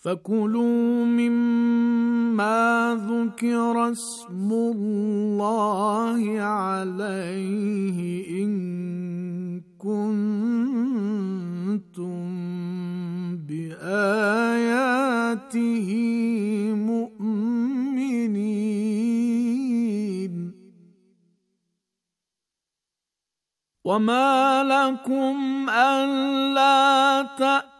فكلوا مما ذكر اسم الله عليه إن كنتم بآياته مؤمنين وما لكم ألا تأتوا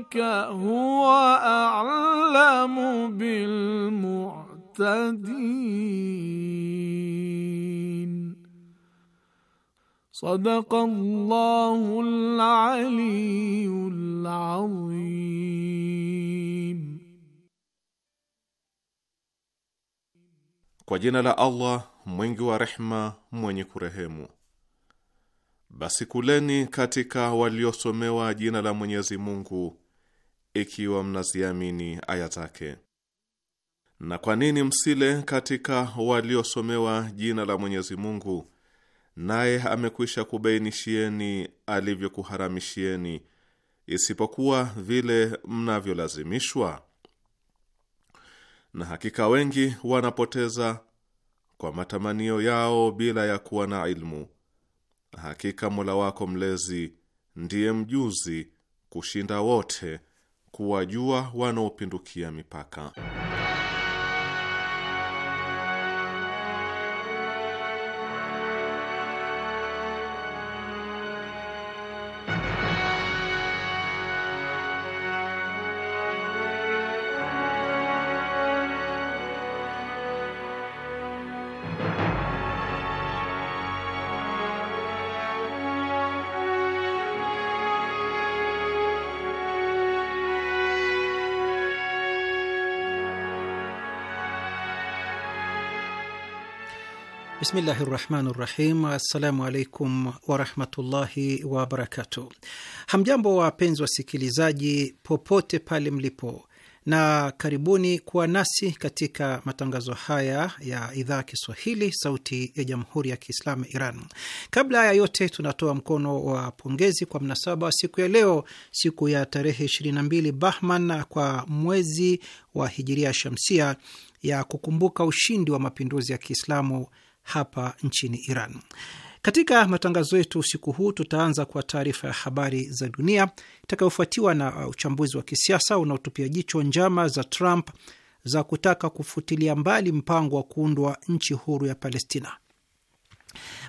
ربك هو أعلم بالمعتدين صدق الله العلي العظيم Kwa jina la Allah mwingi wa rehma mwenye kurehemu. Basi kuleni katika waliosomewa jina la Mwenyezi Mungu ikiwa mnaziamini aya zake. Na kwa nini msile katika waliosomewa jina la Mwenyezi Mungu, naye amekwisha kubainishieni alivyokuharamishieni, isipokuwa vile mnavyolazimishwa? Na hakika wengi wanapoteza kwa matamanio yao bila ya kuwa na ilmu. Hakika Mola wako mlezi ndiye mjuzi kushinda wote kuwajua wanaopindukia mipaka. Bismillahi rahmani rahim. Assalamu alaikum warahmatullahi wabarakatu Hamjambo wapenzi wasikilizaji, popote pale mlipo, na karibuni kuwa nasi katika matangazo haya ya idhaa ya Kiswahili, Sauti ya Jamhuri ya Kiislamu Iran. Kabla ya yote, tunatoa mkono wa pongezi kwa mnasaba wa siku ya leo, siku ya tarehe 22 Bahman kwa mwezi wa Hijiria Shamsia, ya kukumbuka ushindi wa mapinduzi ya Kiislamu hapa nchini Iran. Katika matangazo yetu usiku huu tutaanza kwa taarifa ya habari za dunia itakayofuatiwa na uh, uchambuzi wa kisiasa unaotupia jicho njama za Trump za kutaka kufutilia mbali mpango wa kuundwa nchi huru ya Palestina.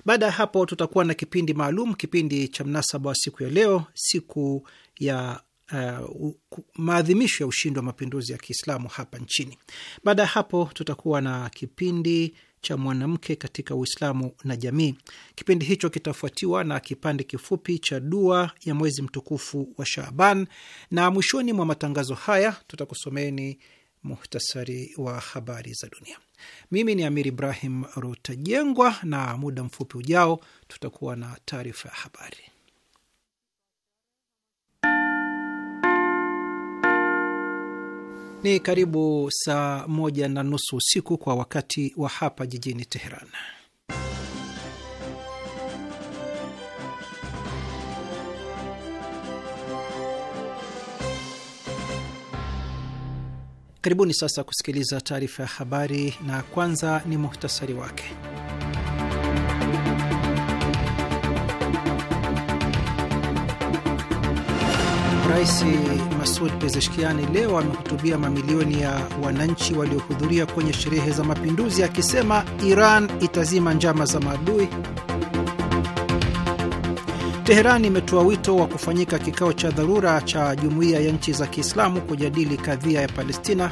Baada ya hapo, tutakuwa na kipindi maalum, kipindi cha mnasaba wa siku ya leo, siku ya uh, maadhimisho ya ushindi wa mapinduzi ya Kiislamu hapa nchini. Baada ya hapo, tutakuwa na kipindi cha mwanamke katika Uislamu na jamii. Kipindi hicho kitafuatiwa na kipande kifupi cha dua ya mwezi mtukufu wa Shaaban, na mwishoni mwa matangazo haya tutakusomeni muhtasari wa habari za dunia. Mimi ni Amir Ibrahim Rutajengwa, na muda mfupi ujao tutakuwa na taarifa ya habari. Ni karibu saa moja na nusu usiku kwa wakati wa hapa jijini Teheran. Karibuni sasa kusikiliza taarifa ya habari, na kwanza ni muhtasari wake. Rais Masud Pezeshkiani leo amehutubia mamilioni ya wananchi waliohudhuria kwenye sherehe za mapinduzi akisema Iran itazima njama za maadui. Teherani imetoa wito wa kufanyika kikao cha dharura cha jumuiya ya nchi za Kiislamu kujadili kadhia ya Palestina.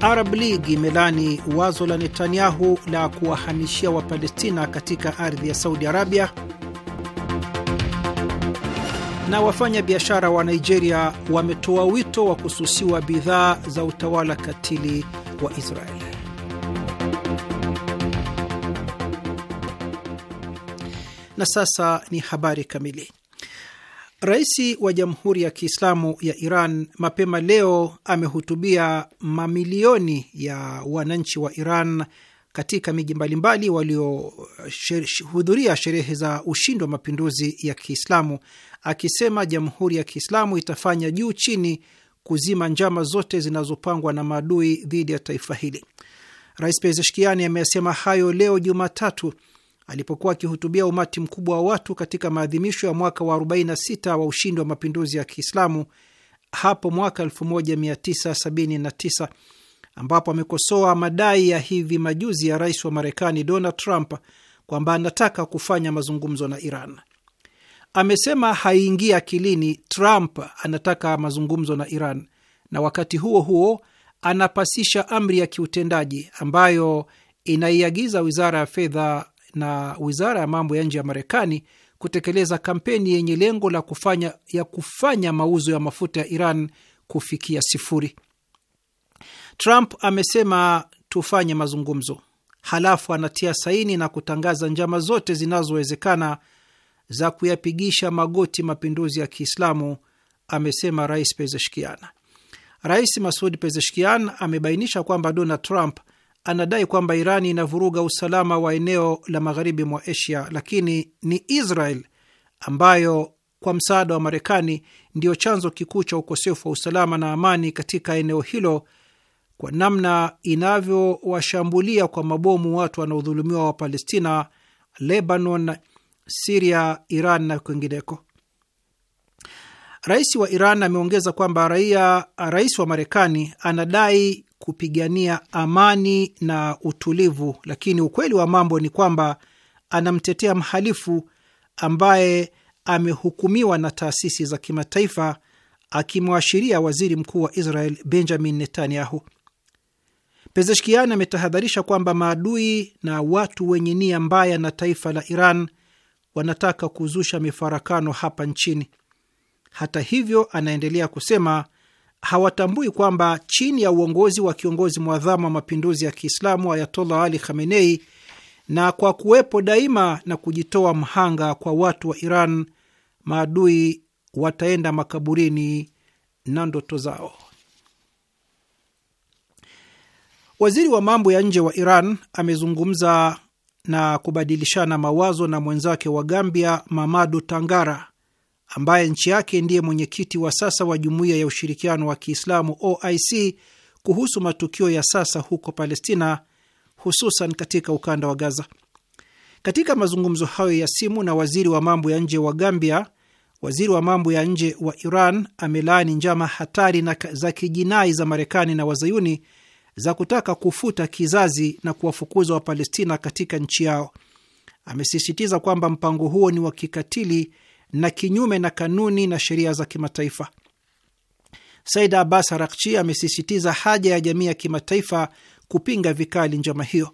Arab League imelani wazo la Netanyahu la kuwahamishia Wapalestina katika ardhi ya Saudi Arabia na wafanyabiashara wa Nigeria wametoa wito wa kususiwa bidhaa za utawala katili wa Israeli. Na sasa ni habari kamili. Rais wa Jamhuri ya Kiislamu ya Iran mapema leo amehutubia mamilioni ya wananchi wa Iran katika miji mbalimbali waliohudhuria sherehe za ushindi wa mapinduzi ya Kiislamu akisema Jamhuri ya Kiislamu itafanya juu chini kuzima njama zote zinazopangwa na maadui dhidi ya taifa hili. Rais Pezeshkiani ameyasema hayo leo Jumatatu alipokuwa akihutubia umati mkubwa wa watu katika maadhimisho ya mwaka wa 46 wa ushindi wa mapinduzi ya Kiislamu hapo mwaka 1979 ambapo amekosoa madai ya hivi majuzi ya rais wa Marekani Donald Trump kwamba anataka kufanya mazungumzo na Iran amesema haiingii akilini Trump anataka mazungumzo na Iran, na wakati huo huo anapasisha amri ya kiutendaji ambayo inaiagiza wizara ya fedha na wizara ya mambo ya nje ya Marekani kutekeleza kampeni yenye lengo la kufanya, ya kufanya mauzo ya mafuta ya Iran kufikia sifuri. Trump amesema tufanye mazungumzo, halafu anatia saini na kutangaza njama zote zinazowezekana za kuyapigisha magoti mapinduzi ya Kiislamu, amesema Rais Pezeshkian. Rais Masud Pezeshkian amebainisha kwamba Donald Trump anadai kwamba Iran inavuruga usalama wa eneo la magharibi mwa Asia, lakini ni Israel ambayo kwa msaada wa Marekani ndiyo chanzo kikuu cha ukosefu wa usalama na amani katika eneo hilo kwa namna inavyowashambulia kwa mabomu watu wanaodhulumiwa wa Palestina, Lebanon Siria, Iran na kwingineko. Rais wa Iran ameongeza kwamba raia, rais wa Marekani anadai kupigania amani na utulivu, lakini ukweli wa mambo ni kwamba anamtetea mhalifu ambaye amehukumiwa na taasisi za kimataifa, akimwashiria waziri mkuu wa Israel Benjamin Netanyahu. Pezeshkian ametahadharisha kwamba maadui na watu wenye nia mbaya na taifa la Iran wanataka kuzusha mifarakano hapa nchini. Hata hivyo, anaendelea kusema hawatambui kwamba chini ya uongozi wa kiongozi mwadhamu wa mapinduzi ya Kiislamu Ayatollah Ali Khamenei, na kwa kuwepo daima na kujitoa mhanga kwa watu wa Iran, maadui wataenda makaburini na ndoto zao. Waziri wa mambo ya nje wa Iran amezungumza na kubadilishana mawazo na mwenzake wa Gambia Mamadu Tangara ambaye nchi yake ndiye mwenyekiti wa sasa wa Jumuiya ya Ushirikiano wa Kiislamu OIC kuhusu matukio ya sasa huko Palestina, hususan katika ukanda wa Gaza. Katika mazungumzo hayo ya simu na waziri wa mambo ya nje wa Gambia, waziri wa mambo ya nje wa Iran amelaani njama hatari na za kijinai za Marekani na Wazayuni za kutaka kufuta kizazi na kuwafukuza Wapalestina katika nchi yao. Amesisitiza kwamba mpango huo ni wa kikatili na kinyume na kanuni na sheria za kimataifa. Said Abbas Arakchi amesisitiza haja ya jamii ya kimataifa kupinga vikali njama hiyo.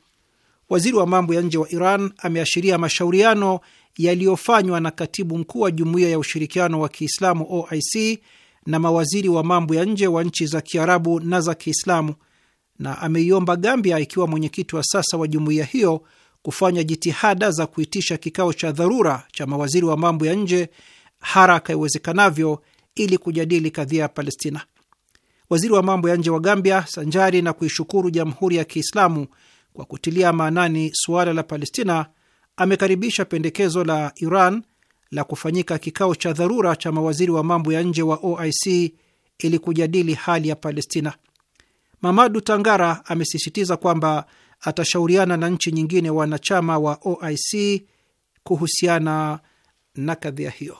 Waziri wa mambo ya nje wa Iran ameashiria mashauriano yaliyofanywa na katibu mkuu wa Jumuiya ya Ushirikiano wa Kiislamu OIC na mawaziri wa mambo ya nje wa nchi za Kiarabu na za Kiislamu na ameiomba Gambia, ikiwa mwenyekiti wa sasa wa jumuiya hiyo, kufanya jitihada za kuitisha kikao cha dharura cha mawaziri wa mambo ya nje haraka iwezekanavyo ili kujadili kadhia ya Palestina. Waziri wa mambo ya nje wa Gambia, sanjari na kuishukuru Jamhuri ya Kiislamu kwa kutilia maanani suala la Palestina, amekaribisha pendekezo la Iran la kufanyika kikao cha dharura cha mawaziri wa mambo ya nje wa OIC ili kujadili hali ya Palestina. Mamadu Tangara amesisitiza kwamba atashauriana na nchi nyingine wanachama wa OIC kuhusiana na kadhia hiyo.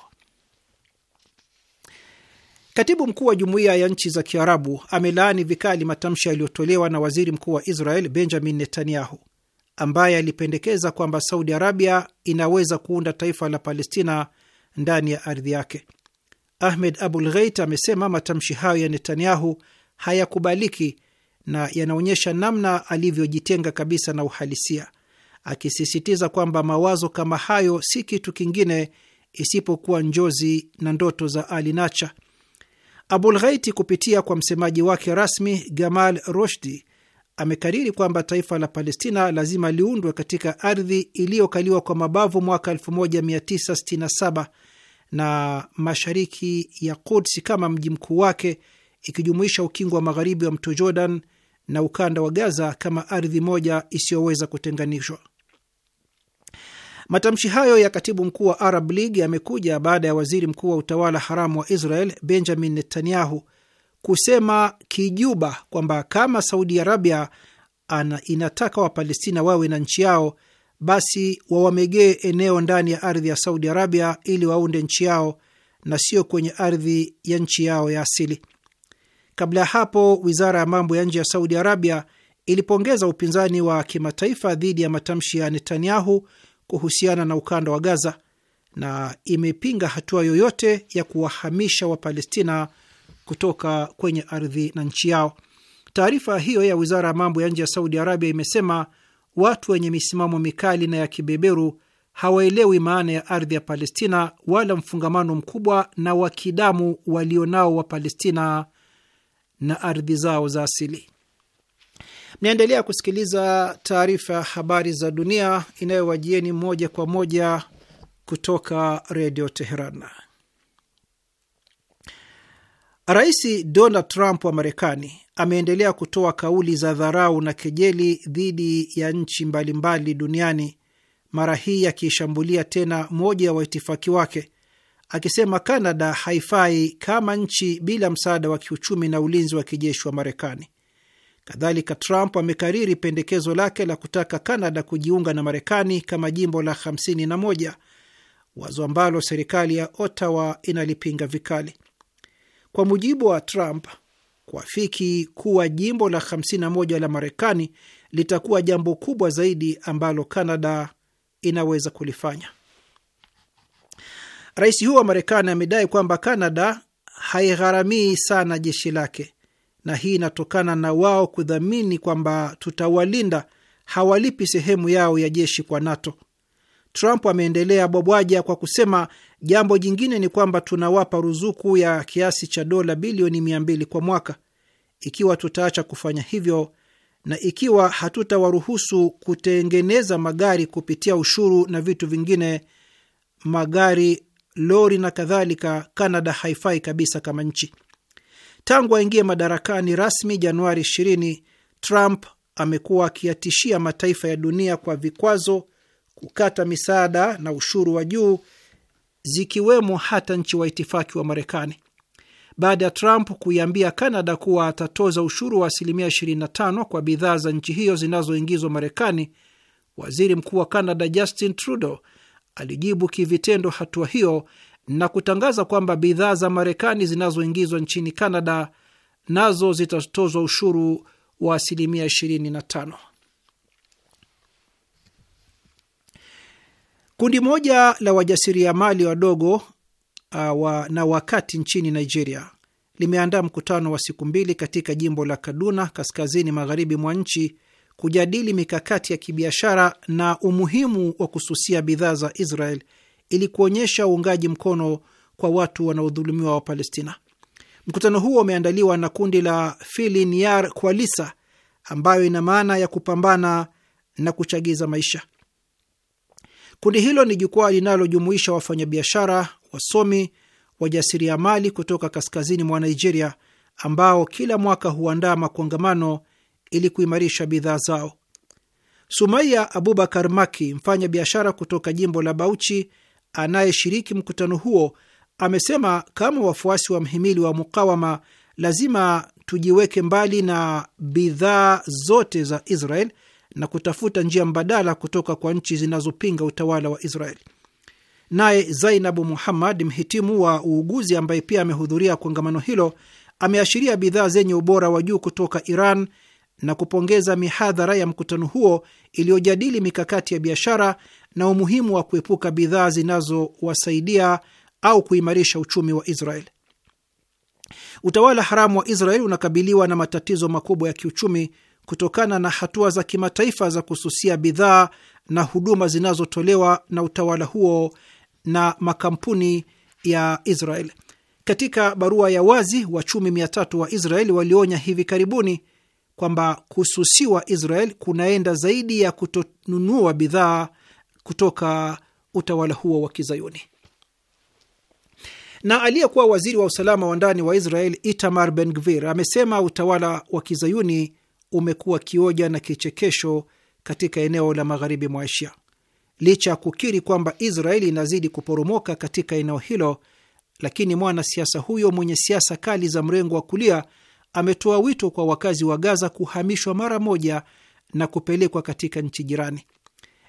Katibu mkuu wa jumuiya ya nchi za Kiarabu amelaani vikali matamshi yaliyotolewa na waziri mkuu wa Israel Benjamin Netanyahu, ambaye alipendekeza kwamba Saudi Arabia inaweza kuunda taifa la Palestina ndani ya ardhi yake. Ahmed Abul Gheit amesema matamshi hayo ya Netanyahu hayakubaliki na yanaonyesha namna alivyojitenga kabisa na uhalisia, akisisitiza kwamba mawazo kama hayo si kitu kingine isipokuwa njozi na ndoto za Ali Nacha. Abul Ghaiti kupitia kwa msemaji wake rasmi Gamal roshdi amekariri kwamba taifa la Palestina lazima liundwe katika ardhi iliyokaliwa kwa mabavu mwaka 1967 na mashariki ya Kudsi kama mji mkuu wake, ikijumuisha ukingo wa magharibi wa mto Jordan na ukanda wa Gaza kama ardhi moja isiyoweza kutenganishwa. Matamshi hayo ya katibu mkuu wa Arab League yamekuja baada ya waziri mkuu wa utawala haramu wa Israel Benjamin Netanyahu kusema kijuba kwamba kama Saudi Arabia ana inataka Wapalestina wawe na nchi yao, basi wawamegee eneo ndani ya ardhi ya Saudi Arabia ili waunde nchi yao na sio kwenye ardhi ya nchi yao ya asili. Kabla ya hapo, wizara ya mambo ya nje ya Saudi Arabia ilipongeza upinzani wa kimataifa dhidi ya matamshi ya Netanyahu kuhusiana na ukanda wa Gaza na imepinga hatua yoyote ya kuwahamisha Wapalestina kutoka kwenye ardhi na nchi yao. Taarifa hiyo ya wizara ya mambo ya nje ya Saudi Arabia imesema watu wenye misimamo mikali na ya kibeberu hawaelewi maana ya ardhi ya Palestina wala mfungamano mkubwa na wakidamu walionao Wapalestina na ardhi zao za asili. Mnaendelea kusikiliza taarifa ya habari za dunia inayowajieni moja kwa moja kutoka redio Teheran. Rais Donald Trump wa Marekani ameendelea kutoa kauli za dharau na kejeli dhidi ya nchi mbalimbali duniani, mara hii akiishambulia tena moja ya waitifaki wake akisema Kanada haifai kama nchi bila msaada wa kiuchumi na ulinzi wa kijeshi wa Marekani. Kadhalika, Trump amekariri pendekezo lake la kutaka Kanada kujiunga na Marekani kama jimbo la 51, wazo ambalo serikali ya Ottawa inalipinga vikali. Kwa mujibu wa Trump, kuafiki kuwa jimbo la 51 la Marekani litakuwa jambo kubwa zaidi ambalo Kanada inaweza kulifanya. Rais huyo wa Marekani amedai kwamba Kanada haigharamii sana jeshi lake, na hii inatokana na wao kudhamini kwamba tutawalinda, hawalipi sehemu yao ya jeshi kwa NATO. Trump ameendelea bwabwaja kwa kusema, jambo jingine ni kwamba tunawapa ruzuku ya kiasi cha dola bilioni 200 kwa mwaka ikiwa tutaacha kufanya hivyo na ikiwa hatutawaruhusu kutengeneza magari kupitia ushuru na vitu vingine, magari lori na kadhalika, Kanada haifai kabisa kama nchi. Tangu aingie madarakani rasmi Januari 20, Trump amekuwa akiyatishia mataifa ya dunia kwa vikwazo, kukata misaada na ushuru wa juu, zikiwemo hata nchi wa itifaki wa Marekani. Baada ya Trump kuiambia Kanada kuwa atatoza ushuru wa asilimia 25 kwa bidhaa za nchi hiyo zinazoingizwa Marekani, waziri mkuu wa Kanada Justin Trudeau alijibu kivitendo hatua hiyo na kutangaza kwamba bidhaa za Marekani zinazoingizwa nchini canada nazo zitatozwa ushuru wa asilimia 25. Kundi moja la wajasiriamali wadogo uh, wa, na wakati nchini Nigeria limeandaa mkutano wa siku mbili katika jimbo la Kaduna kaskazini magharibi mwa nchi kujadili mikakati ya kibiashara na umuhimu wa kususia bidhaa za Israel ili kuonyesha uungaji mkono kwa watu wanaodhulumiwa wa Palestina. Mkutano huo umeandaliwa na kundi la Filinyar Kwalisa, ambayo ina maana ya kupambana na kuchagiza maisha. Kundi hilo ni jukwaa linalojumuisha wafanyabiashara, wasomi, wajasiriamali kutoka kaskazini mwa Nigeria, ambao kila mwaka huandaa makongamano ili kuimarisha bidhaa zao. Sumaiya Abubakar Maki, mfanya biashara kutoka jimbo la Bauchi anayeshiriki mkutano huo, amesema kama wafuasi wa mhimili wa mukawama, lazima tujiweke mbali na bidhaa zote za Israel na kutafuta njia mbadala kutoka kwa nchi zinazopinga utawala wa Israel. Naye Zainabu Muhammad, mhitimu wa uuguzi ambaye pia amehudhuria kongamano hilo, ameashiria bidhaa zenye ubora wa juu kutoka Iran na kupongeza mihadhara ya mkutano huo iliyojadili mikakati ya biashara na umuhimu wa kuepuka bidhaa zinazowasaidia au kuimarisha uchumi wa Israel. Utawala haramu wa Israel unakabiliwa na matatizo makubwa ya kiuchumi kutokana na hatua za kimataifa za kususia bidhaa na huduma zinazotolewa na utawala huo na makampuni ya Israel. Katika barua ya wazi, wachumi mia tatu wa Israel walionya hivi karibuni kwamba kususiwa Israel kunaenda zaidi ya kutonunua bidhaa kutoka utawala huo wa Kizayuni. Na aliyekuwa waziri wa usalama wa ndani wa Israel Itamar Ben Gvir amesema utawala wa Kizayuni umekuwa kioja na kichekesho katika eneo la magharibi mwa Asia. Licha ya kukiri kwamba Israeli inazidi kuporomoka katika eneo hilo, lakini mwanasiasa huyo mwenye siasa kali za mrengo wa kulia ametoa wito kwa wakazi wa Gaza kuhamishwa mara moja na kupelekwa katika nchi jirani.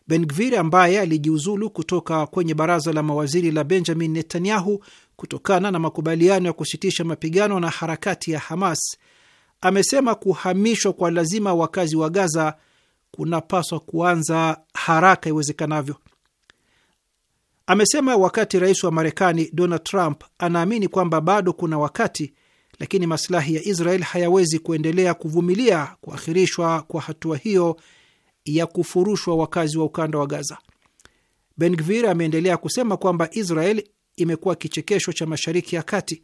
Ben-Gvir ambaye alijiuzulu kutoka kwenye baraza la mawaziri la Benjamin Netanyahu kutokana na makubaliano ya kusitisha mapigano na harakati ya Hamas amesema kuhamishwa kwa lazima wakazi wa Gaza kunapaswa kuanza haraka iwezekanavyo. Amesema wakati rais wa Marekani Donald Trump anaamini kwamba bado kuna wakati lakini masilahi ya Israel hayawezi kuendelea kuvumilia kuahirishwa kwa hatua hiyo ya kufurushwa wakazi wa ukanda wa Gaza. Ben Gvir ameendelea kusema kwamba Israel imekuwa kichekesho cha Mashariki ya Kati,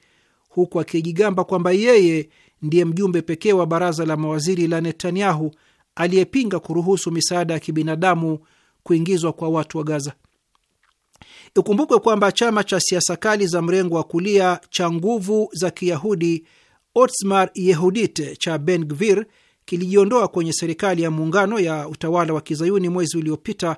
huku akijigamba kwamba yeye ndiye mjumbe pekee wa baraza la mawaziri la Netanyahu aliyepinga kuruhusu misaada ya kibinadamu kuingizwa kwa watu wa Gaza. Ikumbukwe kwamba chama cha siasa kali za mrengo wa kulia cha nguvu za Kiyahudi otsmar Yehudit cha Ben Gvir kilijiondoa kwenye serikali ya muungano ya utawala wa kizayuni mwezi uliopita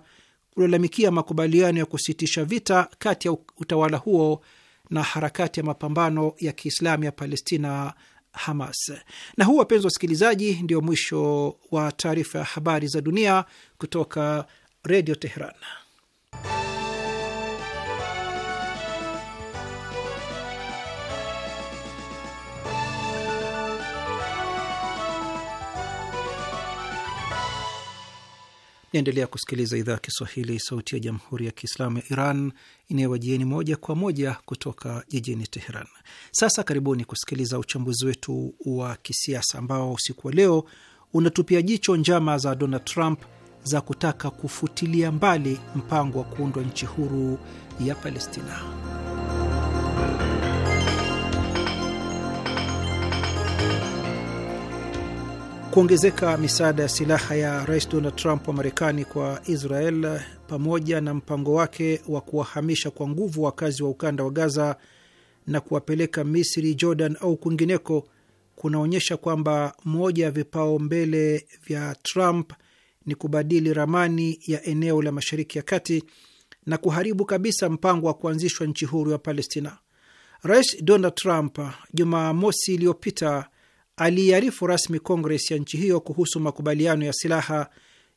kulalamikia makubaliano ya kusitisha vita kati ya utawala huo na harakati ya mapambano ya Kiislamu ya Palestina Hamas. Na huu, wapenzi wasikilizaji, ndio mwisho wa taarifa ya habari za dunia kutoka Redio Teheran. Naendelea kusikiliza idhaa ya Kiswahili, sauti ya jamhuri ya kiislamu ya Iran inayowajieni moja kwa moja kutoka jijini Teheran. Sasa karibuni kusikiliza uchambuzi wetu wa kisiasa ambao usiku wa leo unatupia jicho njama za Donald Trump za kutaka kufutilia mbali mpango wa kuundwa nchi huru ya Palestina. Kuongezeka misaada ya silaha ya Rais Donald Trump wa Marekani kwa Israel pamoja na mpango wake wa kuwahamisha kwa nguvu wakazi wa ukanda wa Gaza na kuwapeleka Misri, Jordan au kwingineko kunaonyesha kwamba moja ya vipao mbele vya Trump ni kubadili ramani ya eneo la Mashariki ya Kati na kuharibu kabisa mpango wa kuanzishwa nchi huru ya Palestina. Rais Donald Trump Jumaa mosi iliyopita aliiarifu rasmi Kongres ya nchi hiyo kuhusu makubaliano ya silaha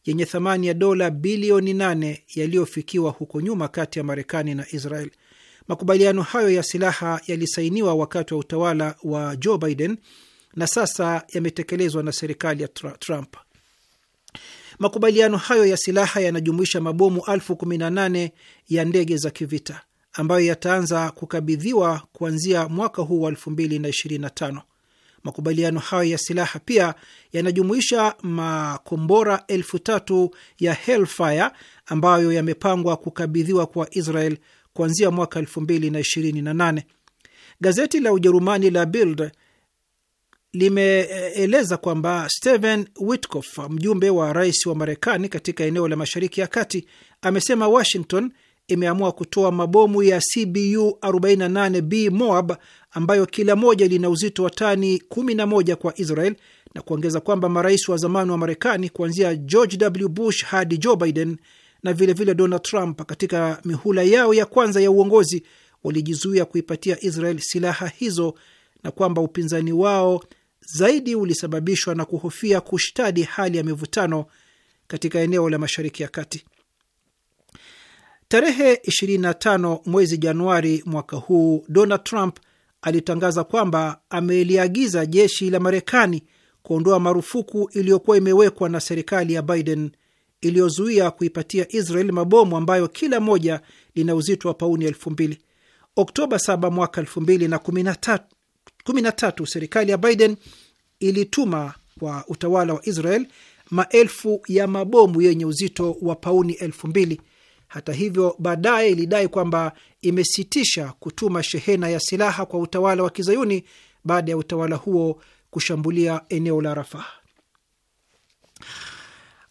yenye thamani ya dola bilioni nane yaliyofikiwa huko nyuma kati ya Marekani na Israel. Makubaliano hayo ya silaha yalisainiwa wakati wa utawala wa Joe Biden na sasa yametekelezwa na serikali ya Trump. Makubaliano hayo ya silaha yanajumuisha mabomu elfu kumi na nane ya ndege za kivita ambayo yataanza kukabidhiwa kuanzia mwaka huu wa 2025. Makubaliano hayo ya silaha pia yanajumuisha makombora elfu tatu ya Hellfire ambayo yamepangwa kukabidhiwa kwa Israel kuanzia mwaka 2028. Gazeti la Ujerumani la Bild limeeleza kwamba Steven Witkoff, mjumbe wa rais wa Marekani katika eneo la Mashariki ya Kati, amesema Washington imeamua kutoa mabomu ya CBU 48B Moab ambayo kila moja lina uzito wa tani 11 kwa Israel na kuongeza kwamba marais wa zamani wa Marekani kuanzia George W. Bush hadi Joe Biden na vilevile vile Donald Trump katika mihula yao ya kwanza ya uongozi walijizuia kuipatia Israel silaha hizo na kwamba upinzani wao zaidi ulisababishwa na kuhofia kushtadi hali ya mivutano katika eneo la Mashariki ya Kati. Tarehe 25 mwezi Januari mwaka huu, Donald Trump alitangaza kwamba ameliagiza jeshi la Marekani kuondoa marufuku iliyokuwa imewekwa na serikali ya Biden iliyozuia kuipatia Israel mabomu ambayo kila moja lina uzito wa pauni elfu mbili. Oktoba 7 mwaka 2013 serikali ya Biden ilituma kwa utawala wa Israel maelfu ya mabomu yenye uzito wa pauni elfu mbili hata hivyo, baadaye ilidai kwamba imesitisha kutuma shehena ya silaha kwa utawala wa kizayuni baada ya utawala huo kushambulia eneo la Rafah.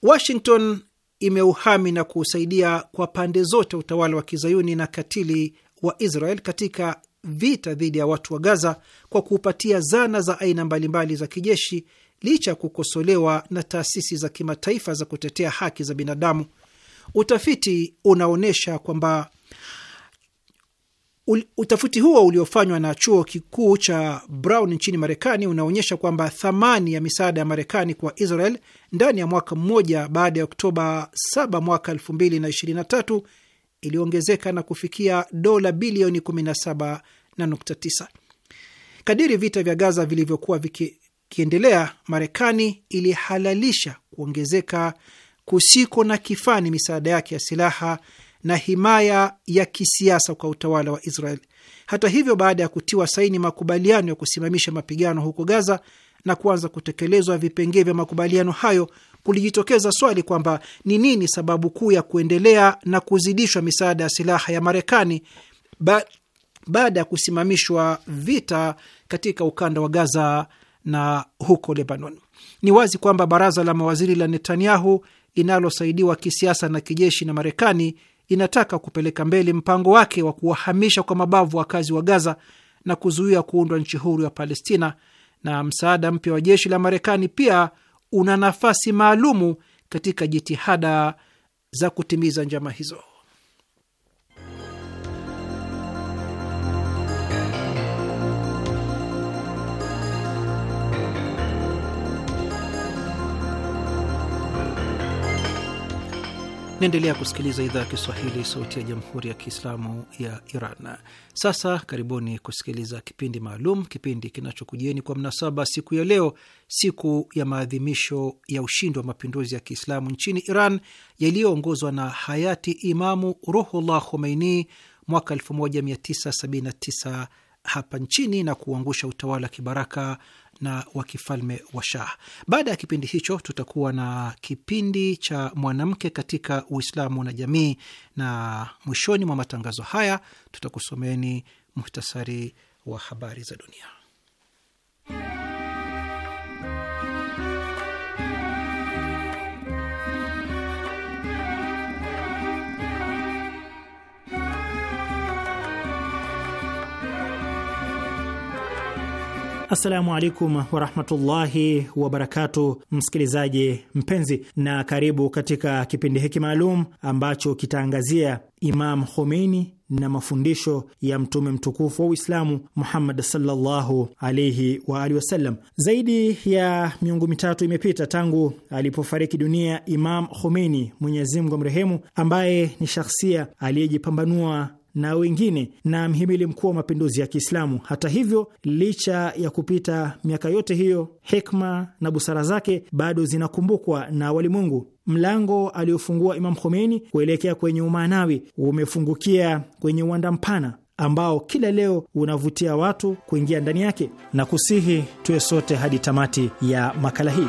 Washington imeuhami na kuusaidia kwa pande zote utawala wa kizayuni na katili wa Israel katika vita dhidi ya watu wa Gaza kwa kuupatia zana za aina mbalimbali za kijeshi licha ya kukosolewa na taasisi za kimataifa za kutetea haki za binadamu. Utafiti unaonyesha kwamba utafiti huo uliofanywa na chuo kikuu cha Brown nchini Marekani unaonyesha kwamba thamani ya misaada ya Marekani kwa Israel ndani ya mwaka mmoja baada ya Oktoba 7 mwaka 2023 iliongezeka na kufikia dola bilioni 17.9. Kadiri vita vya Gaza vilivyokuwa vikiendelea, Marekani ilihalalisha kuongezeka kusiko na kifani misaada yake ya silaha na himaya ya kisiasa kwa utawala wa Israel. Hata hivyo, baada ya kutiwa saini makubaliano ya kusimamisha mapigano huko Gaza na kuanza kutekelezwa vipengee vya makubaliano hayo, kulijitokeza swali kwamba ni nini sababu kuu ya kuendelea na kuzidishwa misaada ya silaha ya Marekani ba baada ya kusimamishwa vita katika ukanda wa Gaza na huko Lebanon. Ni wazi kwamba baraza la mawaziri la Netanyahu inalosaidiwa kisiasa na kijeshi na Marekani inataka kupeleka mbele mpango wake wa kuwahamisha kwa mabavu wakazi wa Gaza na kuzuia kuundwa nchi huru ya Palestina, na msaada mpya wa jeshi la Marekani pia una nafasi maalumu katika jitihada za kutimiza njama hizo. Naendelea kusikiliza idhaa ya Kiswahili, sauti ya jamhuri ya kiislamu ya Iran. Sasa karibuni kusikiliza kipindi maalum, kipindi kinachokujieni kwa mnasaba siku ya leo, siku ya maadhimisho ya ushindi wa mapinduzi ya kiislamu nchini Iran yaliyoongozwa na hayati Imamu Ruhullah Khomeini mwaka 1979 hapa nchini na kuangusha utawala kibaraka na wa kifalme wa Shah. Baada ya kipindi hicho, tutakuwa na kipindi cha mwanamke katika Uislamu na jamii, na mwishoni mwa matangazo haya tutakusomeni muhtasari wa habari za dunia. Assalamu alaikum warahmatullahi wabarakatu, msikilizaji mpenzi, na karibu katika kipindi hiki maalum ambacho kitaangazia Imam Khomeini na mafundisho ya mtume mtukufu wa Uislamu Muhammad sallallahu alaihi wa alihi wasallam. Zaidi ya miongo mitatu imepita tangu alipofariki dunia Imam Khomeini, Mwenyezi Mungu amrehemu, ambaye ni shakhsia aliyejipambanua na wengine na mhimili mkuu wa mapinduzi ya Kiislamu. Hata hivyo, licha ya kupita miaka yote hiyo, hekma na busara zake bado zinakumbukwa na walimwengu. Mlango aliofungua Imam Khomeini kuelekea kwenye umaanawi umefungukia kwenye uwanda mpana ambao kila leo unavutia watu kuingia ndani yake, na kusihi tuwe sote hadi tamati ya makala hii.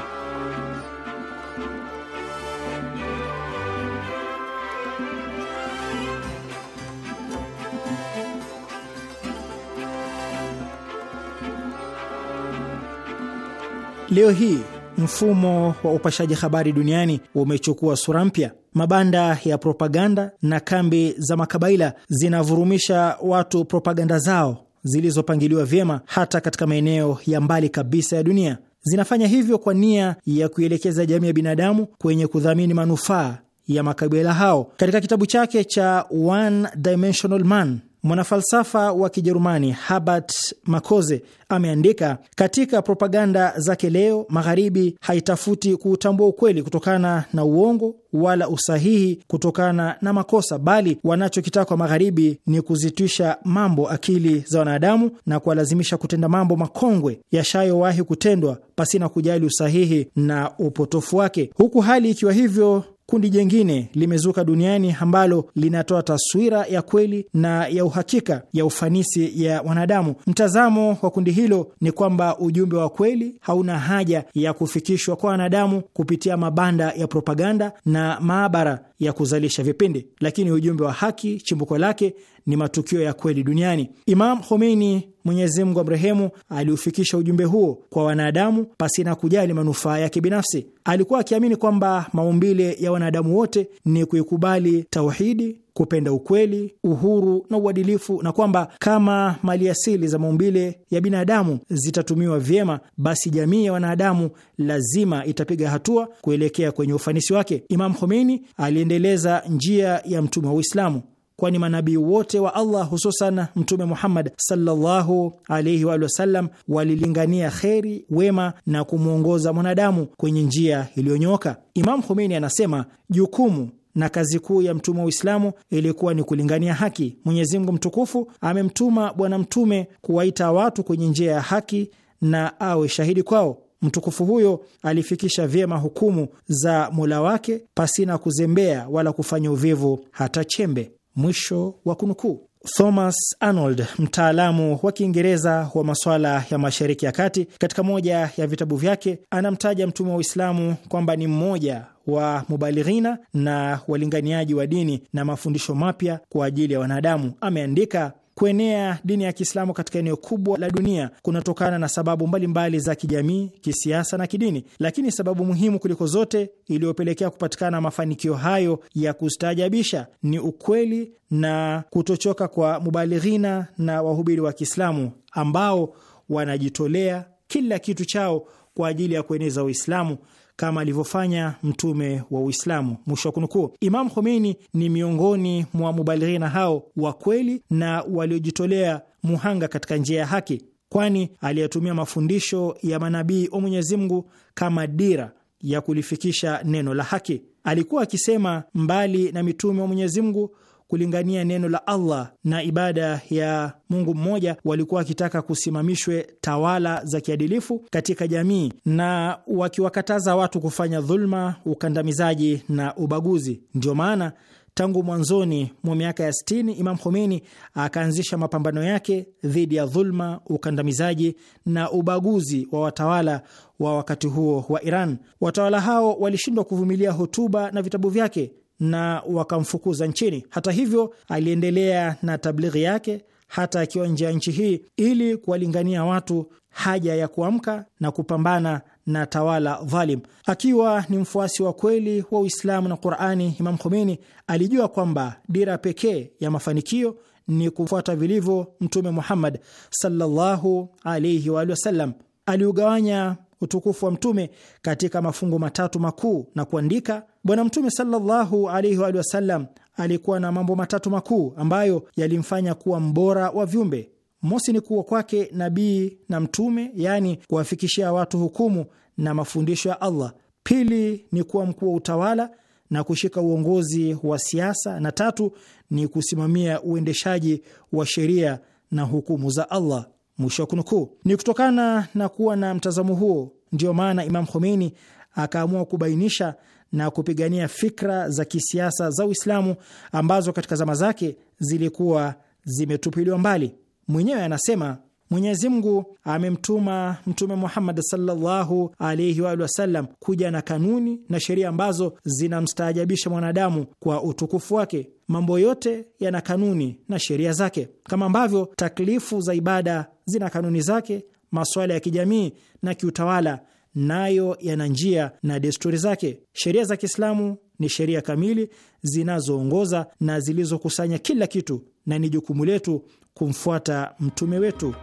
Leo hii mfumo wa upashaji habari duniani umechukua sura mpya. Mabanda ya propaganda na kambi za makabaila zinavurumisha watu propaganda zao zilizopangiliwa vyema, hata katika maeneo ya mbali kabisa ya dunia. Zinafanya hivyo kwa nia ya kuielekeza jamii ya binadamu kwenye kudhamini manufaa ya makabila hao. Katika kitabu chake cha One Dimensional Man Mwanafalsafa wa Kijerumani Herbert Marcuse ameandika, katika propaganda zake leo Magharibi haitafuti kuutambua ukweli kutokana na uongo wala usahihi kutokana na makosa, bali wanachokitaka Magharibi ni kuzitwisha mambo akili za wanadamu na kuwalazimisha kutenda mambo makongwe yashayowahi kutendwa pasina kujali usahihi na upotofu wake, huku hali ikiwa hivyo Kundi jengine limezuka duniani ambalo linatoa taswira ya kweli na ya uhakika ya ufanisi ya wanadamu. Mtazamo wa kundi hilo ni kwamba ujumbe wa kweli hauna haja ya kufikishwa kwa wanadamu kupitia mabanda ya propaganda na maabara ya kuzalisha vipindi, lakini ujumbe wa haki chimbuko lake ni matukio ya kweli duniani. Imam Khomeini, Mwenyezi Mungu amrehemu, aliufikisha ujumbe huo kwa wanadamu pasina kujali manufaa yake binafsi. Alikuwa akiamini kwamba maumbile ya wanadamu wote ni kuikubali tauhidi, kupenda ukweli, uhuru na uadilifu, na kwamba kama mali asili za maumbile ya binadamu zitatumiwa vyema, basi jamii ya wanadamu lazima itapiga hatua kuelekea kwenye ufanisi wake. Imam Khomeini aliendeleza njia ya mtume wa Uislamu kwani manabii wote wa Allah hususan Mtume Muhammad sallallahu alaihi wa sallam walilingania kheri, wema na kumwongoza mwanadamu kwenye njia iliyonyoka. Imam Khomeini anasema jukumu na kazi kuu ya mtume wa Uislamu ilikuwa ni kulingania haki. Mwenyezi Mungu mtukufu amemtuma Bwana Mtume kuwaita watu kwenye njia ya haki na awe shahidi kwao. Mtukufu huyo alifikisha vyema hukumu za Mola wake pasina kuzembea wala kufanya uvivu hata chembe. Mwisho wa kunukuu. Thomas Arnold, mtaalamu wa Kiingereza wa masuala ya Mashariki ya Kati, katika moja ya vitabu vyake anamtaja mtume wa Uislamu kwamba ni mmoja wa mubalighina na walinganiaji wa dini na mafundisho mapya kwa ajili ya wanadamu. Ameandika Kuenea dini ya Kiislamu katika eneo kubwa la dunia kunatokana na sababu mbalimbali mbali za kijamii, kisiasa na kidini, lakini sababu muhimu kuliko zote iliyopelekea kupatikana mafanikio hayo ya kustaajabisha ni ukweli na kutochoka kwa mubalighina na wahubiri wa Kiislamu ambao wanajitolea kila kitu chao kwa ajili ya kueneza Uislamu kama alivyofanya mtume wa Uislamu, mwisho wa kunukuu. Imam Khomeini ni miongoni mwa mubalighina hao wa kweli na waliojitolea muhanga katika njia ya haki, kwani aliyatumia mafundisho ya manabii wa Mwenyezi Mungu kama dira ya kulifikisha neno la haki. Alikuwa akisema, mbali na mitume wa Mwenyezi Mungu kulingania neno la Allah na ibada ya Mungu mmoja walikuwa wakitaka kusimamishwe tawala za kiadilifu katika jamii na wakiwakataza watu kufanya dhulma, ukandamizaji na ubaguzi. ndio maana tangu mwanzoni mwa miaka ya 60 Imam Khomeini akaanzisha mapambano yake dhidi ya dhulma, ukandamizaji na ubaguzi wa watawala wa wakati huo wa Iran. Watawala hao walishindwa kuvumilia hotuba na vitabu vyake na wakamfukuza nchini. Hata hivyo, aliendelea na tablighi yake hata akiwa nje ya nchi hii ili kuwalingania watu haja ya kuamka na kupambana na tawala dhalim. Akiwa ni mfuasi wa kweli wa Uislamu na Qurani, Imam Khomeini alijua kwamba dira pekee ya mafanikio ni kufuata vilivyo Mtume Muhammad sallallahu alaihi wa wasallam. Aliugawanya utukufu wa Mtume katika mafungo matatu makuu na kuandika, Bwana Mtume sallallahu alaihi wa wasallam alikuwa na mambo matatu makuu ambayo yalimfanya kuwa mbora wa viumbe. Mosi ni kuwa kwake nabii na mtume, yaani kuwafikishia watu hukumu na mafundisho ya Allah. Pili ni kuwa mkuu wa utawala na kushika uongozi wa siasa, na tatu ni kusimamia uendeshaji wa sheria na hukumu za Allah. Mwisho wa kunukuu. Ni kutokana na kuwa na mtazamo huo ndiyo maana Imam Khomeini akaamua kubainisha na kupigania fikra za kisiasa za Uislamu ambazo katika zama zake zilikuwa zimetupiliwa mbali. Mwenyewe anasema Mwenyezi Mungu amemtuma Mtume Muhammad sallallahu alaihi wa wasallam kuja na kanuni na sheria ambazo zinamstaajabisha mwanadamu kwa utukufu wake. Mambo yote yana kanuni na sheria zake, kama ambavyo taklifu za ibada zina kanuni zake, masuala ya kijamii na kiutawala nayo yana njia na desturi zake. Sheria za Kiislamu ni sheria kamili zinazoongoza na zilizokusanya kila kitu, na ni jukumu letu kumfuata mtume wetu.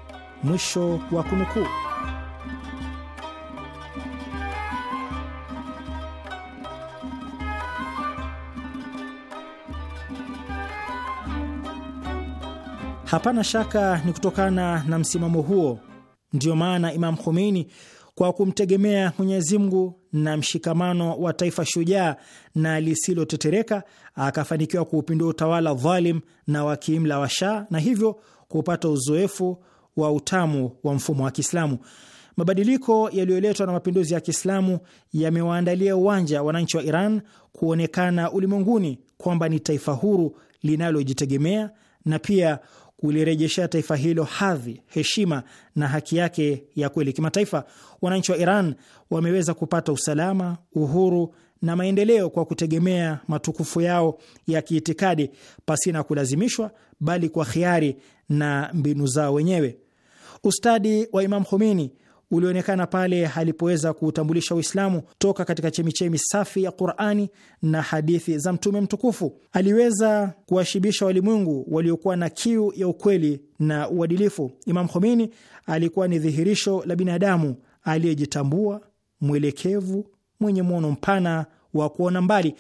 Mwisho wa kunukuu. Hapana shaka ni kutokana na msimamo huo ndiyo maana Imam Khomeini kwa kumtegemea Mwenyezi Mungu na mshikamano wa taifa shujaa na lisilotetereka akafanikiwa kuupindua utawala dhalim na wa kiimla wa Shah na hivyo kupata uzoefu wa utamu wa mfumo wa Kiislamu. Mabadiliko yaliyoletwa na mapinduzi ya Kiislamu yamewaandalia uwanja wananchi wa Iran kuonekana ulimwenguni kwamba ni taifa huru linalojitegemea na pia kulirejeshea taifa hilo hadhi, heshima na haki yake ya kweli kimataifa. Wananchi wa Iran wameweza kupata usalama, uhuru na maendeleo kwa kutegemea matukufu yao ya kiitikadi pasina kulazimishwa, bali kwa khiari na mbinu zao wenyewe. Ustadi wa Imam Khomeini ulioonekana pale alipoweza kuutambulisha Uislamu toka katika chemichemi safi ya Qurani na hadithi za Mtume mtukufu. Aliweza kuwashibisha walimwengu waliokuwa na kiu ya ukweli na uadilifu. Imam Khomeini alikuwa ni dhihirisho la binadamu aliyejitambua, mwelekevu, mwenye mwono mpana wa kuona mbali.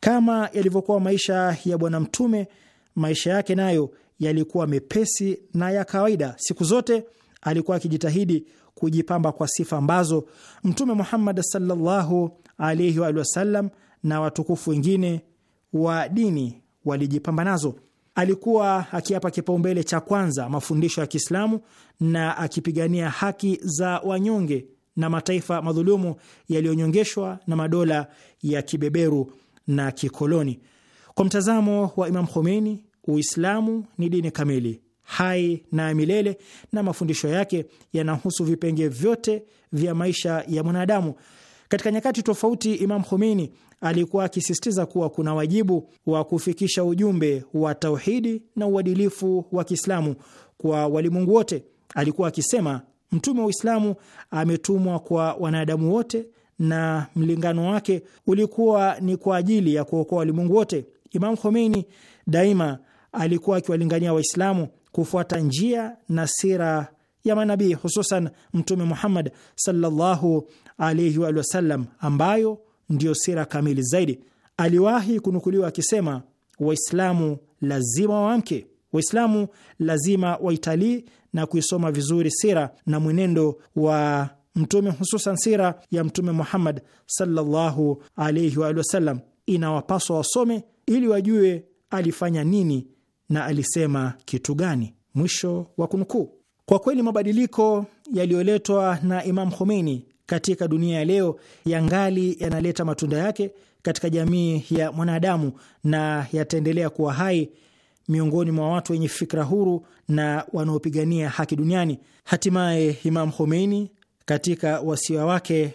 Kama yalivyokuwa maisha ya Bwana Mtume, maisha yake nayo yalikuwa mepesi na ya kawaida. Siku zote alikuwa akijitahidi kujipamba kwa sifa ambazo Mtume Muhammad sallallahu alaihi wa sallam na watukufu wengine wa dini walijipamba nazo. Alikuwa akiapa kipaumbele cha kwanza mafundisho ya Kiislamu na akipigania haki za wanyonge na mataifa madhulumu yaliyonyongeshwa na madola ya kibeberu na kikoloni. Kwa mtazamo wa Imam Khomeini, Uislamu ni dini kamili hai na milele, na mafundisho yake yanahusu vipenge vyote vya maisha ya mwanadamu. Katika nyakati tofauti, Imam Khomeini alikuwa akisisitiza kuwa kuna wajibu wa kufikisha ujumbe wa tauhidi na uadilifu wa Kiislamu kwa walimwengu wote. Alikuwa akisema, mtume wa Uislamu ametumwa kwa wanadamu wote na mlingano wake ulikuwa ni kwa ajili ya kuokoa walimwengu wote. Imam Khomeini daima alikuwa akiwalingania Waislamu kufuata njia na sira ya manabii hususan Mtume Muhammad sallallahu alaihi wa sallam, ambayo ndiyo sira kamili zaidi. Aliwahi kunukuliwa akisema, Waislamu lazima waamke, Waislamu lazima waitalii na kuisoma vizuri sira na mwenendo wa Mtume, hususan sira ya Mtume Muhammad sallallahu alaihi wa sallam. Inawapaswa wasome ili wajue alifanya nini na alisema kitu gani? Mwisho wa kunukuu. Kwa kweli mabadiliko yaliyoletwa na Imam Khomeini katika dunia ya leo yangali yanaleta matunda yake katika jamii ya mwanadamu na yataendelea kuwa hai miongoni mwa watu wenye fikra huru na wanaopigania haki duniani. Hatimaye Imam Khomeini katika wasia wake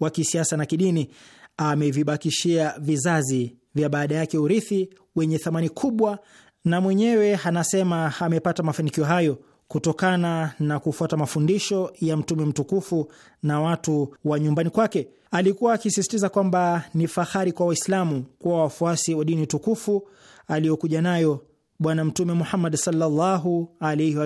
wa kisiasa na kidini amevibakishia vizazi vya baada yake urithi wenye thamani kubwa na mwenyewe anasema amepata mafanikio hayo kutokana na kufuata mafundisho ya Mtume mtukufu na watu wa nyumbani kwake. Alikuwa akisisitiza kwamba ni fahari kwa Waislamu kuwa wafuasi wa dini tukufu aliyokuja nayo Bwana Mtume Muhammad sallallahu alaihi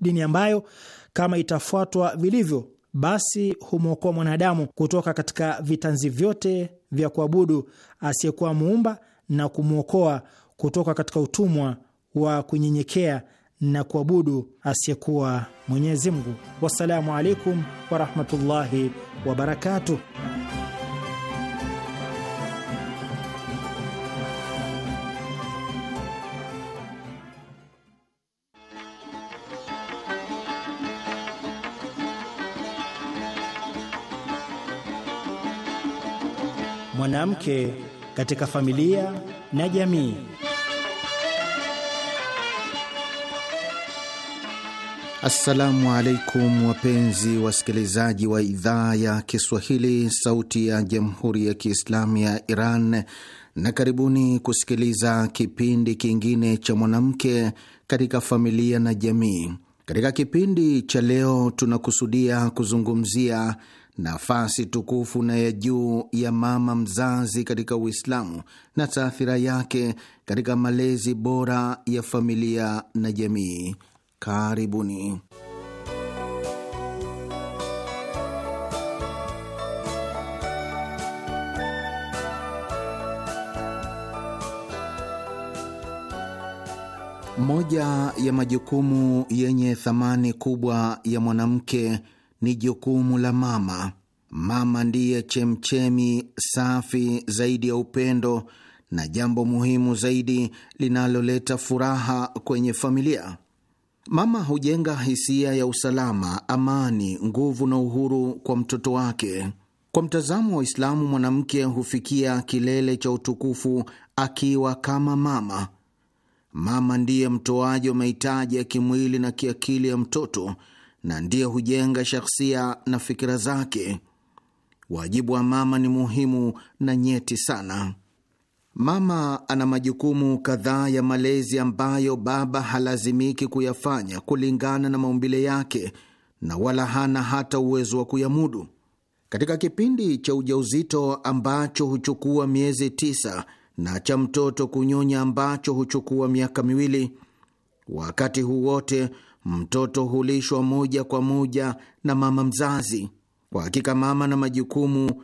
dini ambayo kama itafuatwa vilivyo, basi humwokoa mwanadamu kutoka katika vitanzi vyote vya kuabudu asiyekuwa muumba na kumwokoa kutoka katika utumwa wa kunyenyekea na kuabudu asiyekuwa Mwenyezi Mungu. Wassalamu alaikum warahmatullahi wabarakatuh. Mwanamke katika familia na jamii. Assalamu alaikum wapenzi wasikilizaji wa idhaa ya Kiswahili, sauti ya jamhuri ya kiislamu ya Iran, na karibuni kusikiliza kipindi kingine cha mwanamke katika familia na jamii. Katika kipindi cha leo, tunakusudia kuzungumzia nafasi tukufu na ya juu ya mama mzazi katika Uislamu na taathira yake katika malezi bora ya familia na jamii. Karibuni. Moja ya majukumu yenye thamani kubwa ya mwanamke ni jukumu la mama. Mama ndiye chemchemi safi zaidi ya upendo na jambo muhimu zaidi linaloleta furaha kwenye familia. Mama hujenga hisia ya usalama, amani, nguvu na uhuru kwa mtoto wake. Kwa mtazamo wa Waislamu, mwanamke hufikia kilele cha utukufu akiwa kama mama. Mama ndiye mtoaji wa mahitaji ya kimwili na kiakili ya mtoto na ndiye hujenga shakhsia na fikira zake. Wajibu wa mama ni muhimu na nyeti sana. Mama ana majukumu kadhaa ya malezi ambayo baba halazimiki kuyafanya kulingana na maumbile yake na wala hana hata uwezo wa kuyamudu. Katika kipindi cha ujauzito ambacho huchukua miezi tisa na cha mtoto kunyonya ambacho huchukua miaka miwili, wakati huu wote mtoto hulishwa moja kwa moja na mama mzazi. Kwa hakika mama na majukumu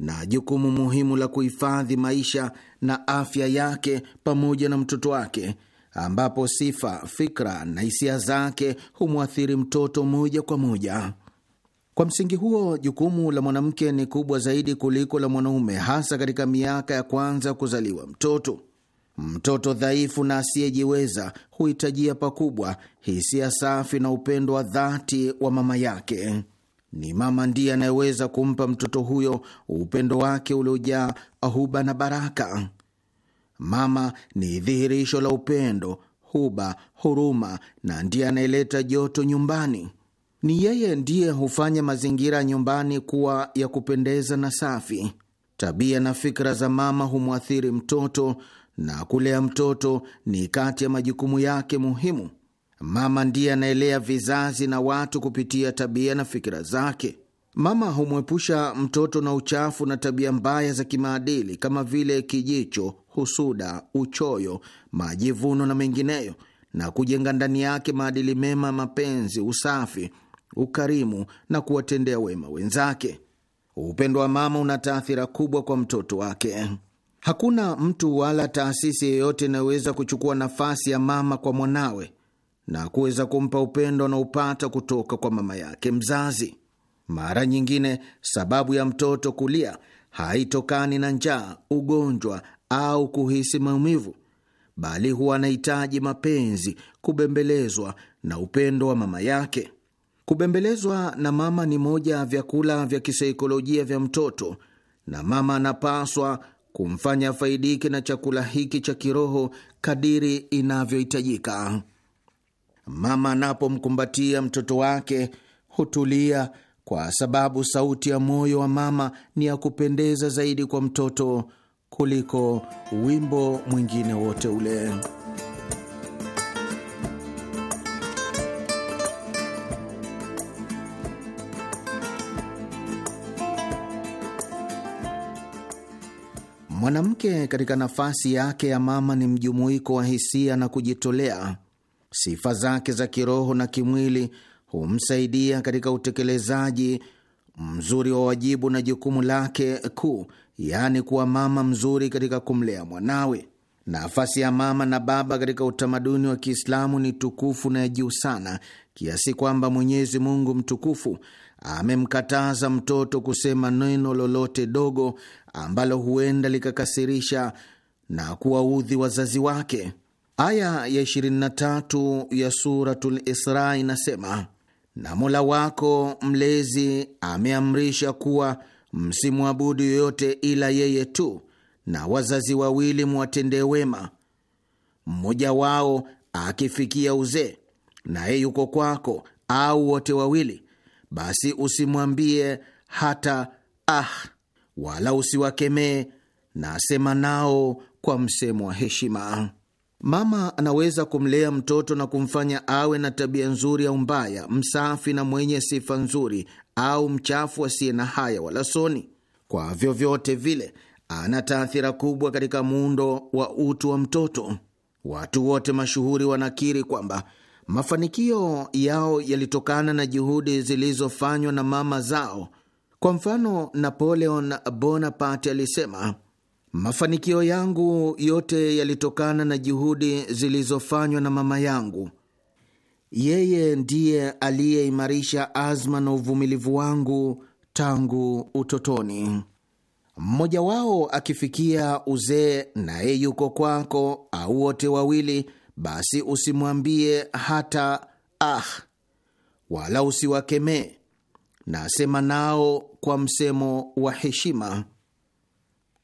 na jukumu muhimu la kuhifadhi maisha na afya yake pamoja na mtoto wake, ambapo sifa, fikra na hisia zake humwathiri mtoto moja kwa moja. Kwa msingi huo, jukumu la mwanamke ni kubwa zaidi kuliko la mwanaume, hasa katika miaka ya kwanza kuzaliwa mtoto. Mtoto dhaifu na asiyejiweza huhitajia pakubwa hisia safi na upendo wa dhati wa mama yake. Ni mama ndiye anayeweza kumpa mtoto huyo upendo wake uliojaa huba na baraka. Mama ni dhihirisho la upendo, huba, huruma na ndiye anayeleta joto nyumbani. Ni yeye ndiye hufanya mazingira ya nyumbani kuwa ya kupendeza na safi. Tabia na fikra za mama humwathiri mtoto, na kulea mtoto ni kati ya majukumu yake muhimu. Mama ndiye anaelea vizazi na watu kupitia tabia na fikira zake. Mama humwepusha mtoto na uchafu na tabia mbaya za kimaadili kama vile kijicho, husuda, uchoyo, majivuno na mengineyo, na kujenga ndani yake maadili mema, mapenzi, usafi, ukarimu na kuwatendea wema wenzake. Upendo wa mama una taathira kubwa kwa mtoto wake. Hakuna mtu wala taasisi yeyote inayoweza kuchukua nafasi ya mama kwa mwanawe na kuweza kumpa upendo anaopata kutoka kwa mama yake mzazi. Mara nyingine sababu ya mtoto kulia haitokani na njaa, ugonjwa au kuhisi maumivu, bali huwa anahitaji mapenzi, kubembelezwa na upendo wa mama yake. Kubembelezwa na mama ni moja ya vyakula vya kisaikolojia vya mtoto, na mama anapaswa kumfanya afaidike na chakula hiki cha kiroho kadiri inavyohitajika. Mama anapomkumbatia mtoto wake hutulia, kwa sababu sauti ya moyo wa mama ni ya kupendeza zaidi kwa mtoto kuliko wimbo mwingine wote ule. Mwanamke katika nafasi yake ya mama ni mjumuiko wa hisia na kujitolea. Sifa zake za kiroho na kimwili humsaidia katika utekelezaji mzuri wa wajibu na jukumu lake kuu, yaani kuwa mama mzuri katika kumlea mwanawe. Nafasi ya mama na baba katika utamaduni wa Kiislamu ni tukufu na ya juu sana, kiasi kwamba Mwenyezi Mungu mtukufu amemkataza mtoto kusema neno lolote dogo ambalo huenda likakasirisha na kuwaudhi wazazi wake. Aya ya 23 ya Suratul Isra inasema, na Mola wako mlezi ameamrisha kuwa msimwabudu yoyote ila yeye tu, na wazazi wawili mwatendee wema, mmoja wao akifikia uzee naye yuko kwako, au wote wawili, basi usimwambie hata ah, wala usiwakemee, na asema nao kwa msemo wa heshima. Mama anaweza kumlea mtoto na kumfanya awe na tabia nzuri au mbaya, msafi na mwenye sifa nzuri au mchafu, asiye na haya wala soni. Kwa vyovyote vile, ana taathira kubwa katika muundo wa utu wa mtoto. Watu wote mashuhuri wanakiri kwamba mafanikio yao yalitokana na juhudi zilizofanywa na mama zao. Kwa mfano, Napoleon Bonaparte alisema Mafanikio yangu yote yalitokana na juhudi zilizofanywa na mama yangu. Yeye ndiye aliyeimarisha azma na uvumilivu wangu tangu utotoni. Mmoja wao akifikia uzee naye yuko kwako, au wote wawili, basi usimwambie hata ah, wala usiwakemee. Nasema nao kwa msemo wa heshima.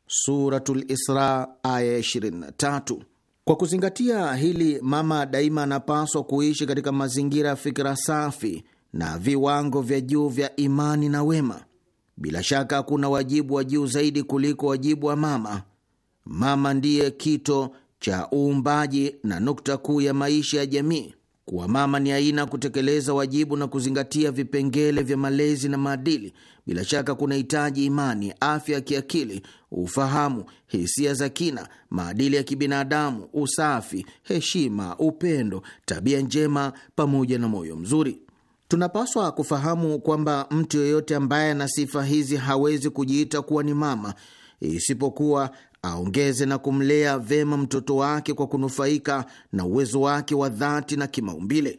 Suratul Isra aya 23. Kwa kuzingatia hili, mama daima anapaswa kuishi katika mazingira ya fikira safi na viwango vya juu vya imani na wema. Bila shaka hakuna wajibu wa juu zaidi kuliko wajibu wa mama. Mama ndiye kito cha uumbaji na nukta kuu ya maisha ya jamii. Kuwa mama ni aina kutekeleza wajibu na kuzingatia vipengele vya malezi na maadili. Bila shaka kuna hitaji imani, afya ya kiakili, ufahamu, hisia za kina, maadili ya kibinadamu, usafi, heshima, upendo, tabia njema, pamoja na moyo mzuri. Tunapaswa kufahamu kwamba mtu yeyote ambaye ana sifa hizi hawezi kujiita kuwa ni mama isipokuwa aongeze na kumlea vema mtoto wake kwa kunufaika na uwezo wake wa dhati na kimaumbile.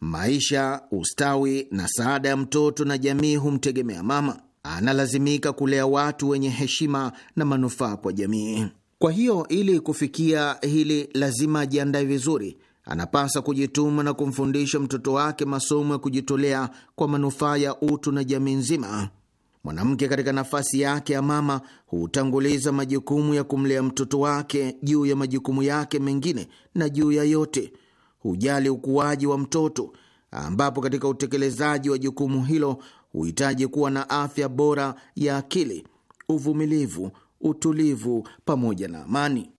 Maisha, ustawi na saada ya mtoto na jamii humtegemea mama. Analazimika kulea watu wenye heshima na manufaa kwa jamii. Kwa hiyo, ili kufikia hili, lazima ajiandae vizuri. Anapasa kujituma na kumfundisha mtoto wake masomo ya kujitolea kwa manufaa ya utu na jamii nzima. Mwanamke katika nafasi yake ya mama hutanguliza majukumu ya kumlea mtoto wake juu ya majukumu yake mengine, na juu ya yote hujali ukuaji wa mtoto, ambapo katika utekelezaji wa jukumu hilo huhitaji kuwa na afya bora ya akili, uvumilivu, utulivu pamoja na amani.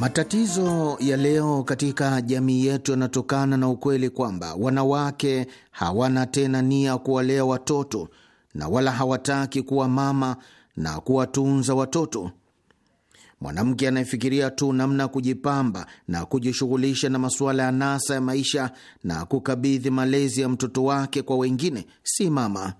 Matatizo ya leo katika jamii yetu yanatokana na ukweli kwamba wanawake hawana tena nia kuwalea watoto na wala hawataki kuwa mama na kuwatunza watoto. Mwanamke anayefikiria tu namna ya kujipamba na kujishughulisha na masuala ya nasa ya maisha na kukabidhi malezi ya mtoto wake kwa wengine si mama.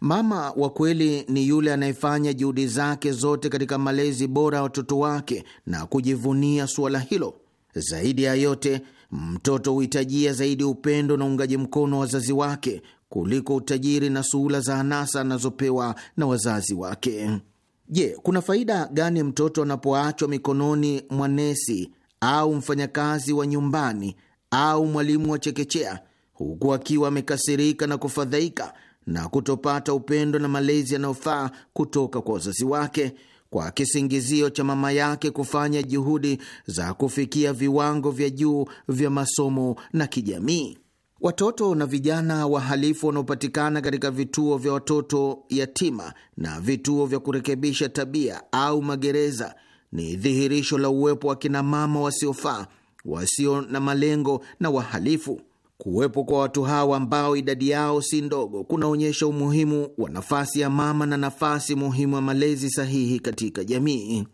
Mama wa kweli ni yule anayefanya juhudi zake zote katika malezi bora ya watoto wake na kujivunia suala hilo. Zaidi ya yote, mtoto huhitajia zaidi upendo na uungaji mkono wa wazazi wake kuliko utajiri na suhula za anasa anazopewa na wazazi wake. Je, kuna faida gani mtoto anapoachwa mikononi mwa nesi au mfanyakazi wa nyumbani au mwalimu wa chekechea, huku akiwa amekasirika na kufadhaika na kutopata upendo na malezi yanayofaa kutoka kwa wazazi wake kwa kisingizio cha mama yake kufanya juhudi za kufikia viwango vya juu vya masomo na kijamii. Watoto na vijana wahalifu wanaopatikana katika vituo vya watoto yatima na vituo vya kurekebisha tabia au magereza ni dhihirisho la uwepo wa kinamama wasiofaa, wasio na malengo na wahalifu Kuwepo kwa watu hawa ambao idadi yao si ndogo kunaonyesha umuhimu wa nafasi ya mama na nafasi muhimu ya malezi sahihi katika jamii.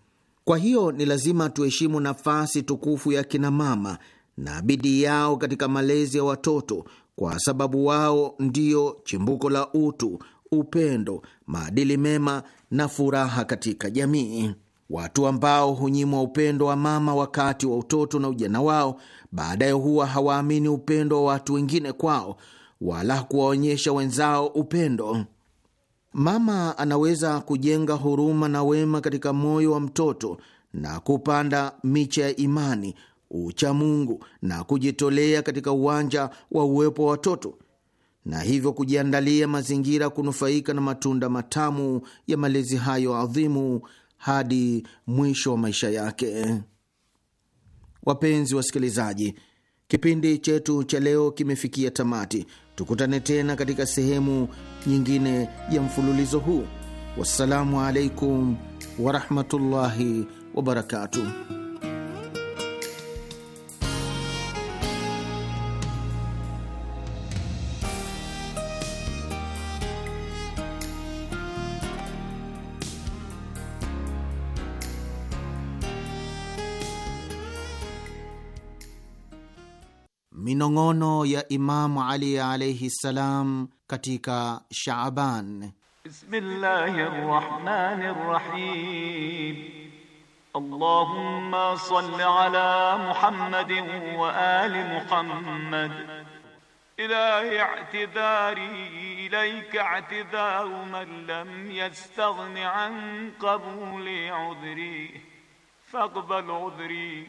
Kwa hiyo ni lazima tuheshimu nafasi tukufu ya kinamama na bidii yao katika malezi ya watoto, kwa sababu wao ndio chimbuko la utu, upendo, maadili mema na furaha katika jamii. Watu ambao hunyimwa upendo wa mama wakati wa utoto na ujana wao, baadaye huwa hawaamini upendo wa watu wengine kwao wala kuwaonyesha wenzao upendo. Mama anaweza kujenga huruma na wema katika moyo wa mtoto na kupanda miche ya imani, uchamungu na kujitolea katika uwanja wa uwepo wa watoto, na hivyo kujiandalia mazingira kunufaika na matunda matamu ya malezi hayo adhimu hadi mwisho wa maisha yake. Wapenzi wasikilizaji, kipindi chetu cha leo kimefikia tamati. Tukutane tena katika sehemu nyingine ya mfululizo huu. Wassalamu alaikum warahmatullahi wabarakatuh. minong'ono ya Imamu Ali alaihi ssalam katika Shaaban. Bismillahi rahmani rahim. Allahumma salli ala Muhammadin wa ali Muhammad. إلهي اعتذاري إليك اعتذار من لم يستغن عن قبول عذري فاقبل عذري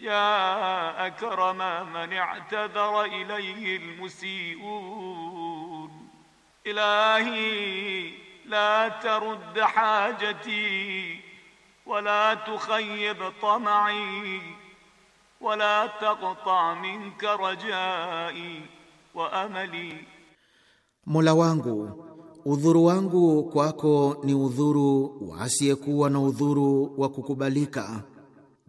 يا أكرم من اعتذر إليه المسيئون إلهي لا ترد حاجتي ولا تخيب طمعي ولا تقطع منك رجائي وأملي Mola wangu udhuru wangu kwako ni udhuru wa asiyekuwa na udhuru wa kukubalika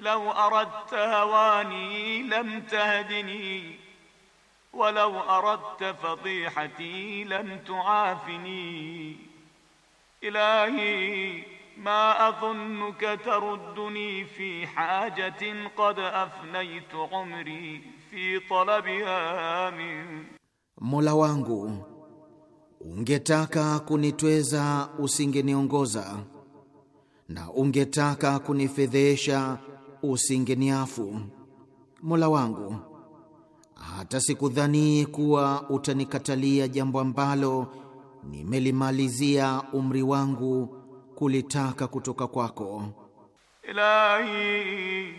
lau aradta hawani lamtahdini walau aradta fadihati lamtuafini ilahi ma adhunnuka tarudduni fi hajatin qad afnaytu umri fi talabiha min, Mola wangu ungetaka kunitweza usingeniongoza, na ungetaka kunifedhesha usingeniafu Mola wangu, hata sikudhani kuwa utanikatalia jambo ambalo nimelimalizia umri wangu kulitaka kutoka kwako. Ilahi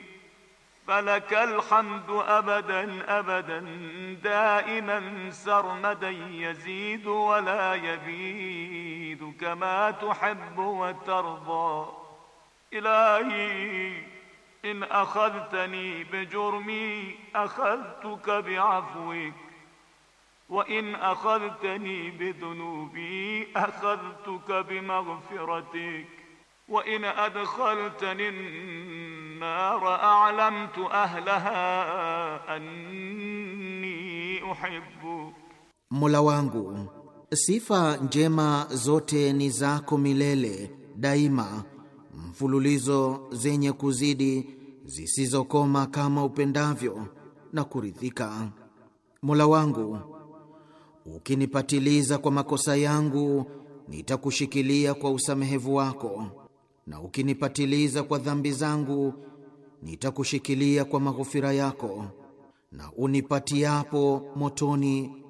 falakal hamdu abadan abadan daiman sarmadan yazidu wala yabidu kama tuhibbu wa tarda ilahi إن أخذتني بجرمي أخذتك بعفوك وإن أخذتني بذنوبي أخذتك بمغفرتك وإن أدخلتني النار أعلمت أهلها أني أحبك Mola سيفا جيما زوتي نزاكو ميليلي دايما mfululizo zenye kuzidi zisizokoma kama upendavyo na kuridhika. Mola wangu, ukinipatiliza kwa makosa yangu nitakushikilia kwa usamehevu wako, na ukinipatiliza kwa dhambi zangu nitakushikilia kwa maghofira yako, na unipatiapo motoni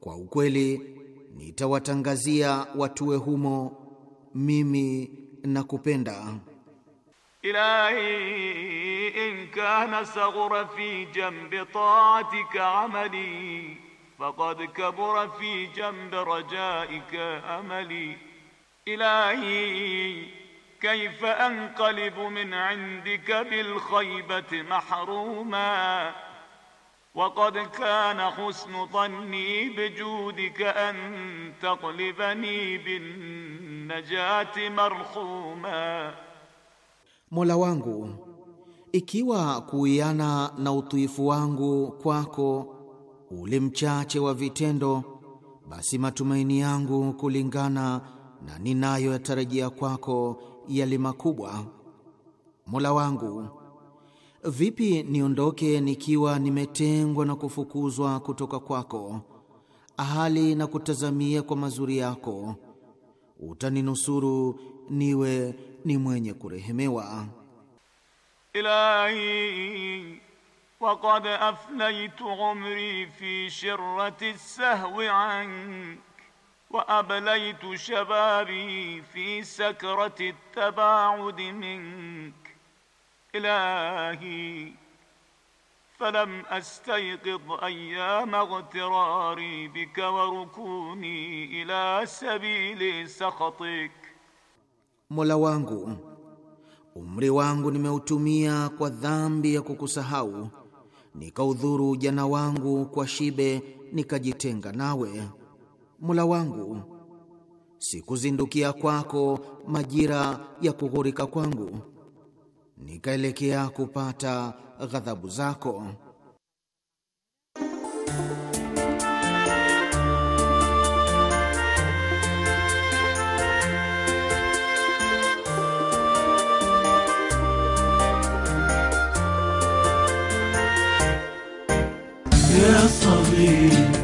kwa ukweli nitawatangazia watue humo mimi na kupenda. Ilahi in kana saghura fi jambi ta'atika amali faqad kabura fi jambi rajaika amali Ilahi كيف أنقلب من عندك بالخيبة محروما وقد كان حسن ظني بجودك أن تقلبني بالنار najati marhuma, Mola wangu, ikiwa kuiana na utuifu wangu kwako ule mchache wa vitendo, basi matumaini yangu kulingana na ninayoyatarajia kwako yali makubwa. Mola wangu, vipi niondoke nikiwa nimetengwa na kufukuzwa kutoka kwako, ahali na kutazamia kwa mazuri yako utaninusuru niwe ni mwenye kurehemewa. Ilahi waqad afnaytu umri fi shirrati sahwi ank wa ablaytu shababi fi sakrati tabaud mink ilahi فلم أستيقظ أيام اغتراري بك وركوني إلى سبيل سخطك مولا wangu, umri wangu nimeutumia kwa dhambi ya kukusahau, nikaudhuru ujana wangu kwa shibe, nikajitenga nawe. Mola wangu, sikuzindukia kwako majira ya kughurika kwangu nikaelekea kupata ghadhabu zako. Ya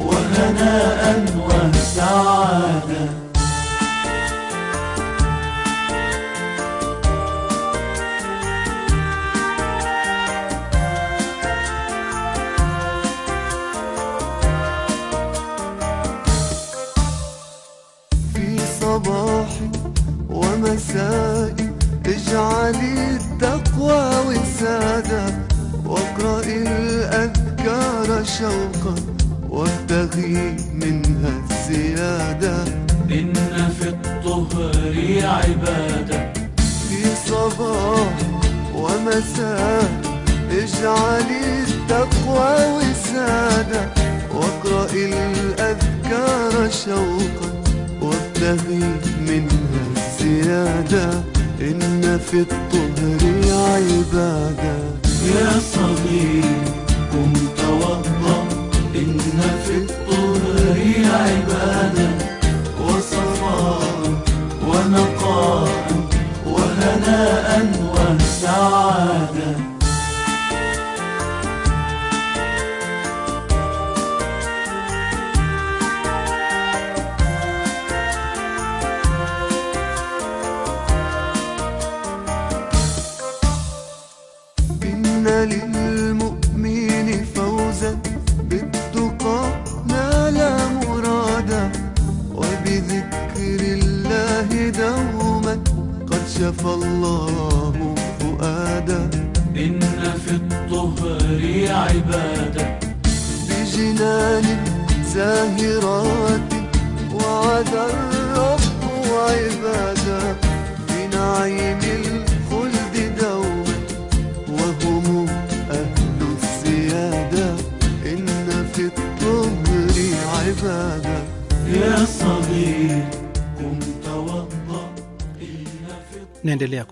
وهناء شوقا وابتغي منها الزيادة إن في الطهر عبادة في صباح ومساء اجعلي التقوى وسادة واقرأ الأذكار شوقا وابتغي منها الزيادة إن في الطهر عبادة يا صغير قم توضا إن في الطهر عبادة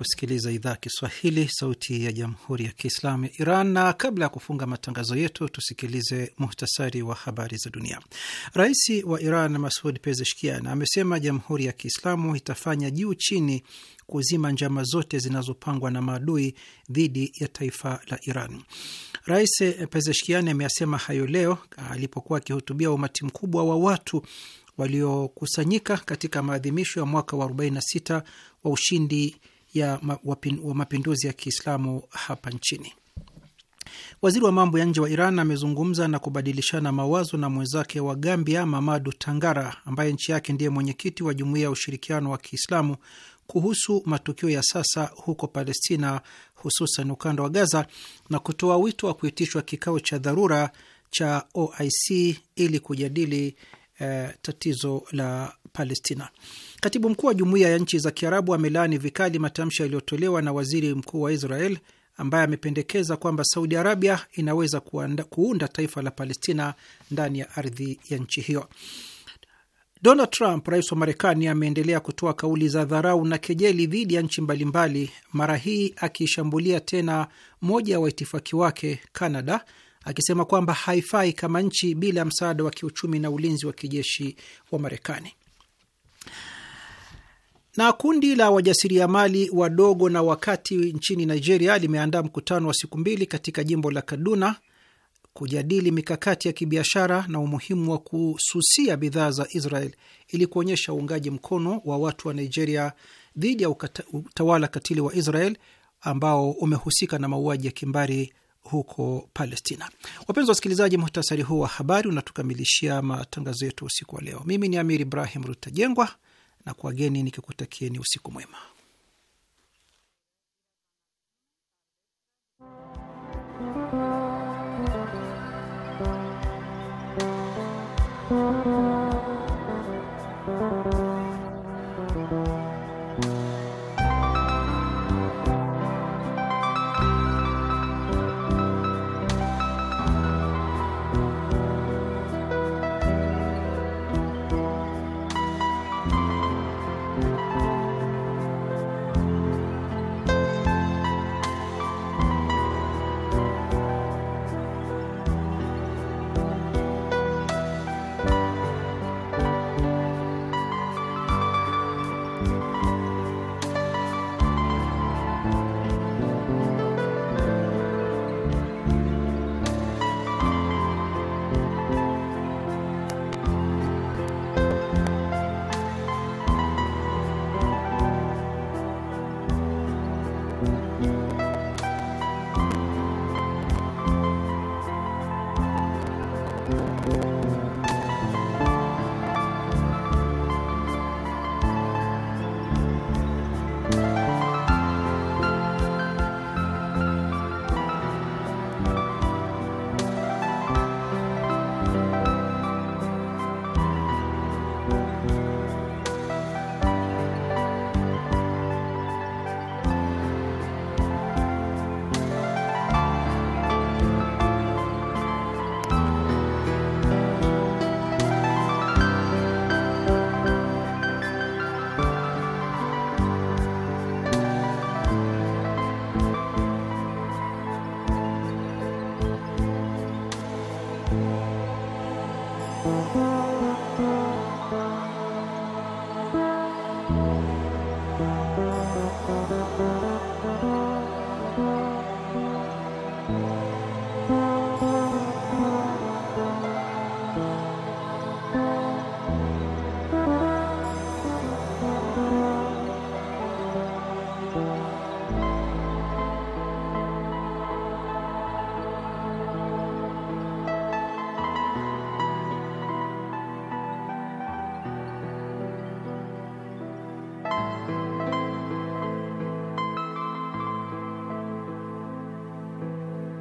kusikiliza idhaa ya Kiswahili, sauti ya jamhuri ya kiislamu ya Iran. Na kabla ya kufunga matangazo yetu, tusikilize muhtasari wa habari za dunia. Rais wa Iran Masud Pezeshkian amesema jamhuri ya Kiislamu itafanya juu chini kuzima njama zote zinazopangwa na maadui dhidi ya taifa la Iran. Rais Pezeshkian ameyasema hayo leo alipokuwa akihutubia umati mkubwa wa watu waliokusanyika katika maadhimisho ya mwaka wa 46 wa ushindi ya mapinduzi ya Kiislamu hapa nchini. Waziri wa mambo ya nje wa Iran amezungumza na kubadilishana mawazo na mwenzake wa Gambia, Mamadu Tangara, ambaye nchi yake ndiye mwenyekiti wa Jumuiya ya Ushirikiano wa Kiislamu kuhusu matukio ya sasa huko Palestina, hususan ukanda wa Gaza, na kutoa wito wa kuitishwa kikao cha dharura cha OIC ili kujadili eh, tatizo la Palestina. Katibu mkuu wa Jumuiya ya Nchi za Kiarabu amelaani vikali matamshi yaliyotolewa na waziri mkuu wa Israel ambaye amependekeza kwamba Saudi Arabia inaweza kuanda, kuunda taifa la Palestina ndani ya ardhi ya nchi hiyo. Donald Trump, rais wa Marekani, ameendelea kutoa kauli za dharau na kejeli dhidi ya nchi mbalimbali, mara hii akiishambulia tena moja ya wa waitifaki wake Canada, akisema kwamba haifai kama nchi bila msaada wa kiuchumi na ulinzi wa kijeshi wa Marekani. Na kundi la wajasiriamali wadogo na wakati nchini Nigeria limeandaa mkutano wa siku mbili katika jimbo la Kaduna kujadili mikakati ya kibiashara na umuhimu wa kususia bidhaa za Israel ili kuonyesha uungaji mkono wa watu wa Nigeria dhidi ya utawala katili wa Israel ambao umehusika na mauaji ya kimbari huko Palestina. Wapenzi wasikilizaji, muhtasari huu wa habari unatukamilishia matangazo yetu usiku wa leo. Mimi ni Amir Ibrahim Rutajengwa na kuwageni nikikutakieni usiku mwema.